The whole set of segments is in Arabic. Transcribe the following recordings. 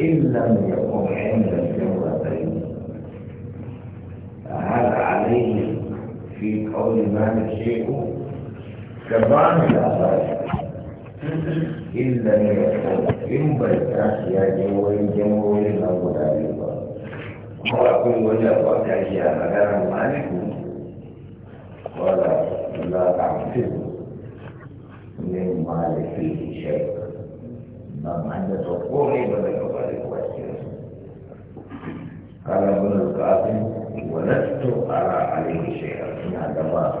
إن لم يكن عند الجمرتين هل عليه في قول مالك شيء طبعا لا إن لم يكن إن بيتاس يا جوي جوي لو دايما ولكن وجب كشيا مكان مالك ولا لا تعفيه من مالك فيه شيء ما عند تقوله ولا يقال واسير قال ابن القاسم ولست أرى عليه شيئا من هذا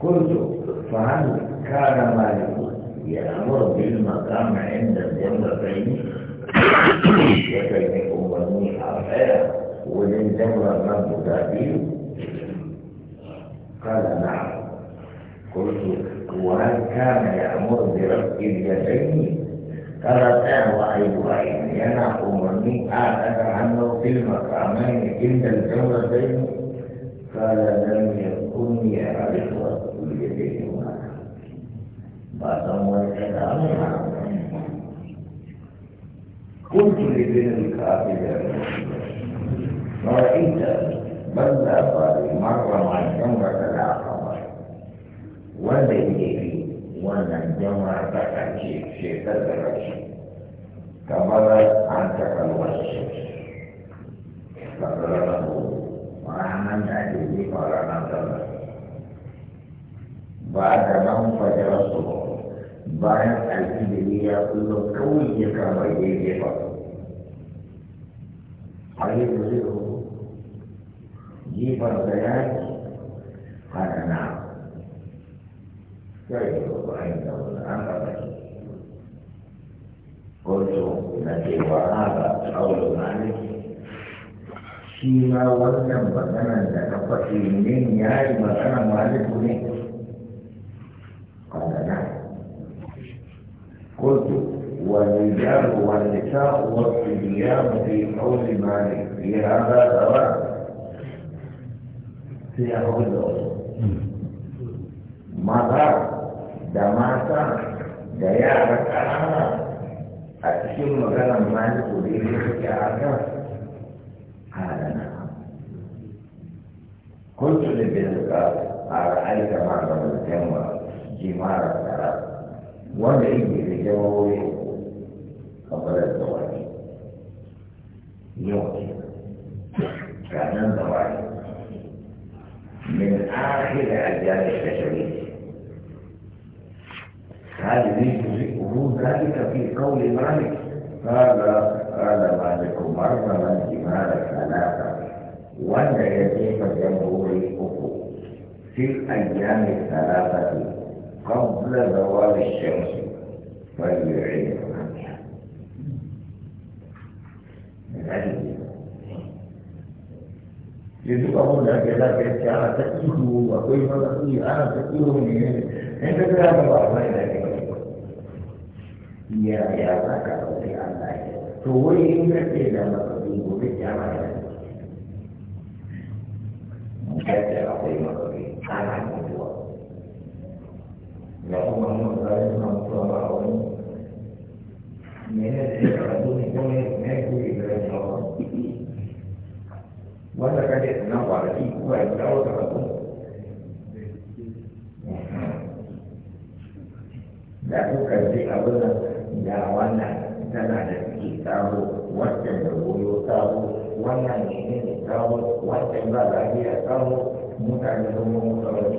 قلت فهل كان مالك يأمر بالمقام عند الجمرتين يكلم أمني أرحيا وللجمرة من قال نعم قلت وهل كان يأمر برفع اليدين قرأته وأيها ينا أمرني آخر عنه في المقامين عند الجمرتين قال لم يكن يعرف رفع اليدين بعضهم وكلامها قلت لابن الكافر ما رأيت بل لا باري مر مع الجمرة الآخر wanda yake yi, wannan jama'a ta kace shekar da rashi kamar an ta shi. kamar na ko ma'anan da ake yi fara na zama ba da nan fajar su bayan alfidiri ya kullo kawai ya kama daidai ba a yi zai jifar da yaki hana na قلت نجي وهذا قول مالك فيما وزن بدنا نتقي من ياي بدنا مالك منه قال نعم قلت والرجال والنساء والصبيان في قول مالك في هذا سواء في هذا maza da mata da yara ƙanana a cikin maganar maliku da yake suke a kan halana kuntu da bizuka a ra'aita ma da mutum wa jimarar tsara wanda yake da jawoyi kamar da zawaki yau ke ranar zawaki من آخر أجيال البشرية العالم يدركه ذلك في قول مالك قال قال مالك مرة من جمال ثلاثة ولا يجب جمهوري أخو في الأيام الثلاثة قبل زوال الشمس فليعيد عنها يجب أقول لك إذا كنت أنا تكيه وكيف تكيه أنا تكيه من عند كلام الله ya ya za ka ɗauki Allah ya to wai in ka ce da matsayi gobe kyama ya ya ce akwai matsayi ana mutuwa ya kuma mun zai suna mutuwa ba a wani me ne ce karatu ne ko ne ne ku yi da rashin hawa wanda ka ce na kwanaki kuma ya dawo karatu da kuka ji abin nan da wannan tana da ciki sabo wancan da goyo sabo wannan ne ne sabo wancan ba lafiya sabo mutane sun mu mutu wani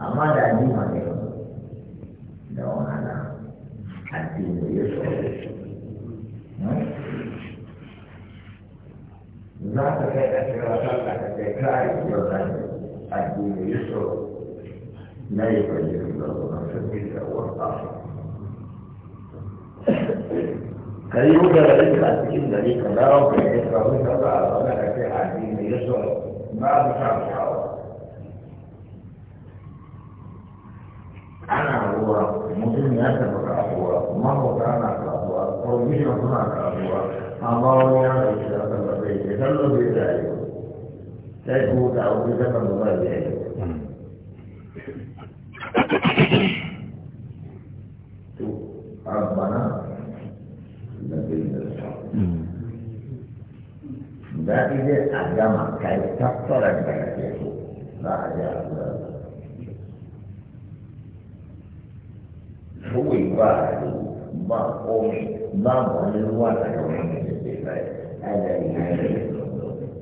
kamar da amma da jima ne da wahala addini ya so za ka kai a cikin sallah da kai kai yau da addini ya so لا يفجر الله سبيل الاخر هل يوجد لك ان لك لا رب ذكر ذكر على ذلك في عهدين يسر ما بشعر شعر أنا هو مسلم ياسر الاقوى ما هو كان الاقوى أو مش هنا كأسوة الله يعني إشارة الله بيجي كله بيجي تجهود أو بيجي كله ربنا لدينا ده إذا أجمع كي تكثر بركته لا يا هو يبالي ما قومي ما قومي ولا يومي هذا يعني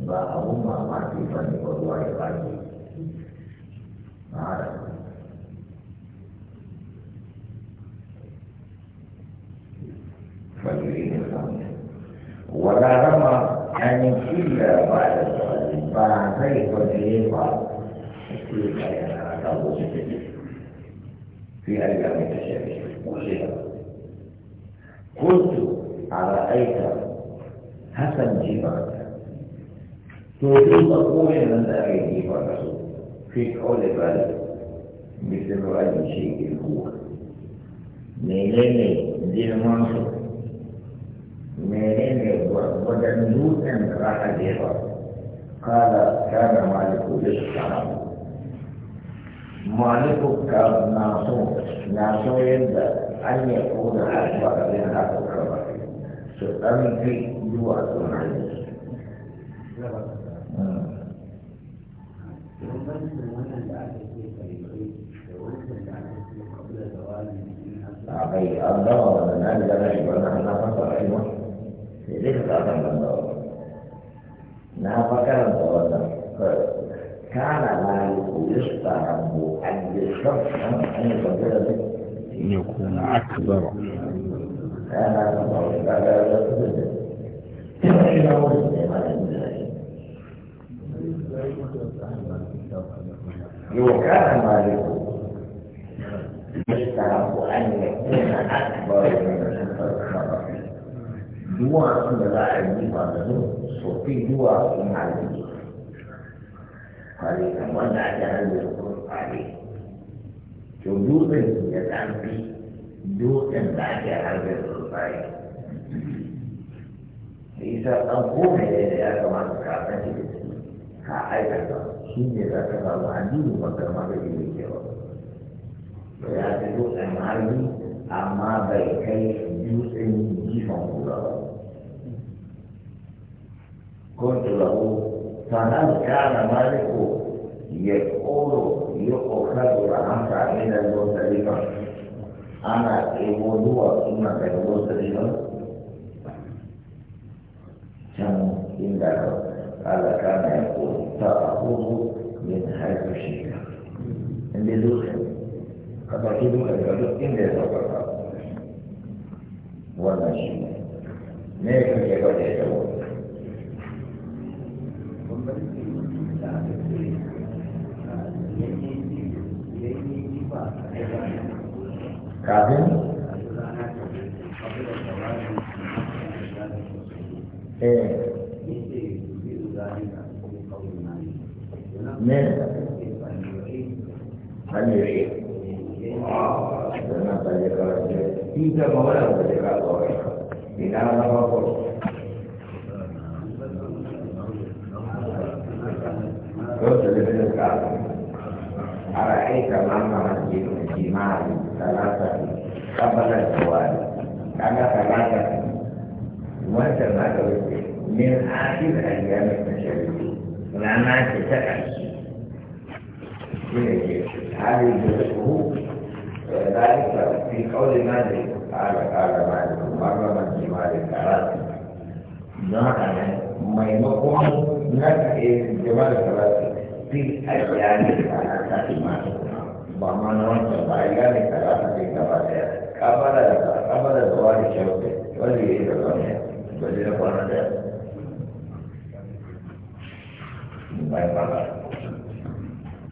ما هو ما ما تفهم والله يبالي ما أعرف فيريد الخمس ولا رمى أن يحل بعد الصلاة فكيف يقع إيه إيه في أيام التشابه وغيرها قلت أرأيت حسن جبرك تريد قول من أبي جبرك في كل بلد مثل أي شيء هو منين جرمانه menene wajen dutsen da za a jefa kada kana maliku da shara maliku ka na so na so yadda an yi koda a ba da zai haka kaba su ɗan fi zuwa tsunami أبي الله ولا نادى لا يبقى نحن نفسر أيضا jadi katakan bahwa nah apakah bahwa كان مالك يستعب أن يشرف أن يقدر أن يكون أكبر كان هذا لو كان مالك يستعب أن يكون أكبر من dua sudah ada di pada seperti dua yang ada di hari kemudian ada berikut hari jodoh dan senjata api dua dan ada hal berikut hari Isa tampun dari agama kata kita, kaya kata, sini kata kalau maka maka ini jawab. Berarti itu yang amma baik kai jus pulau. كنت له فهل كان مالك يقول يؤخذ عنك من المنزلين أنا أقول إبوه ثم المنزلين كم إلا قال كان يقول تأخذ من حيث شئت عند دوسهم kata hidup dan hidup ini adalah perkara. Warna syiah. Mereka jaga E? i i di è eh. la mia kafin ne hanyoyi wannan tsaye kawai ne ita ma wadanda ta dà ina na mako أرأيت من مسجد الجمال ثلاثة قبل الزوال أنا ثلاثة وأنت ما تقول من آخر أيام التشريع العمات تتعش هذه جزءه ذلك في قول مالك قال قال مالك مرة من جمال ثلاثة نعم ما يمكن لك جمال ثلاثة في أيام ثلاثة ما بمن وانت بايعان ثلاثة ثلاثة قبل قبل زوال الشوكة ولي يدرونه ولي يدرونه بايعان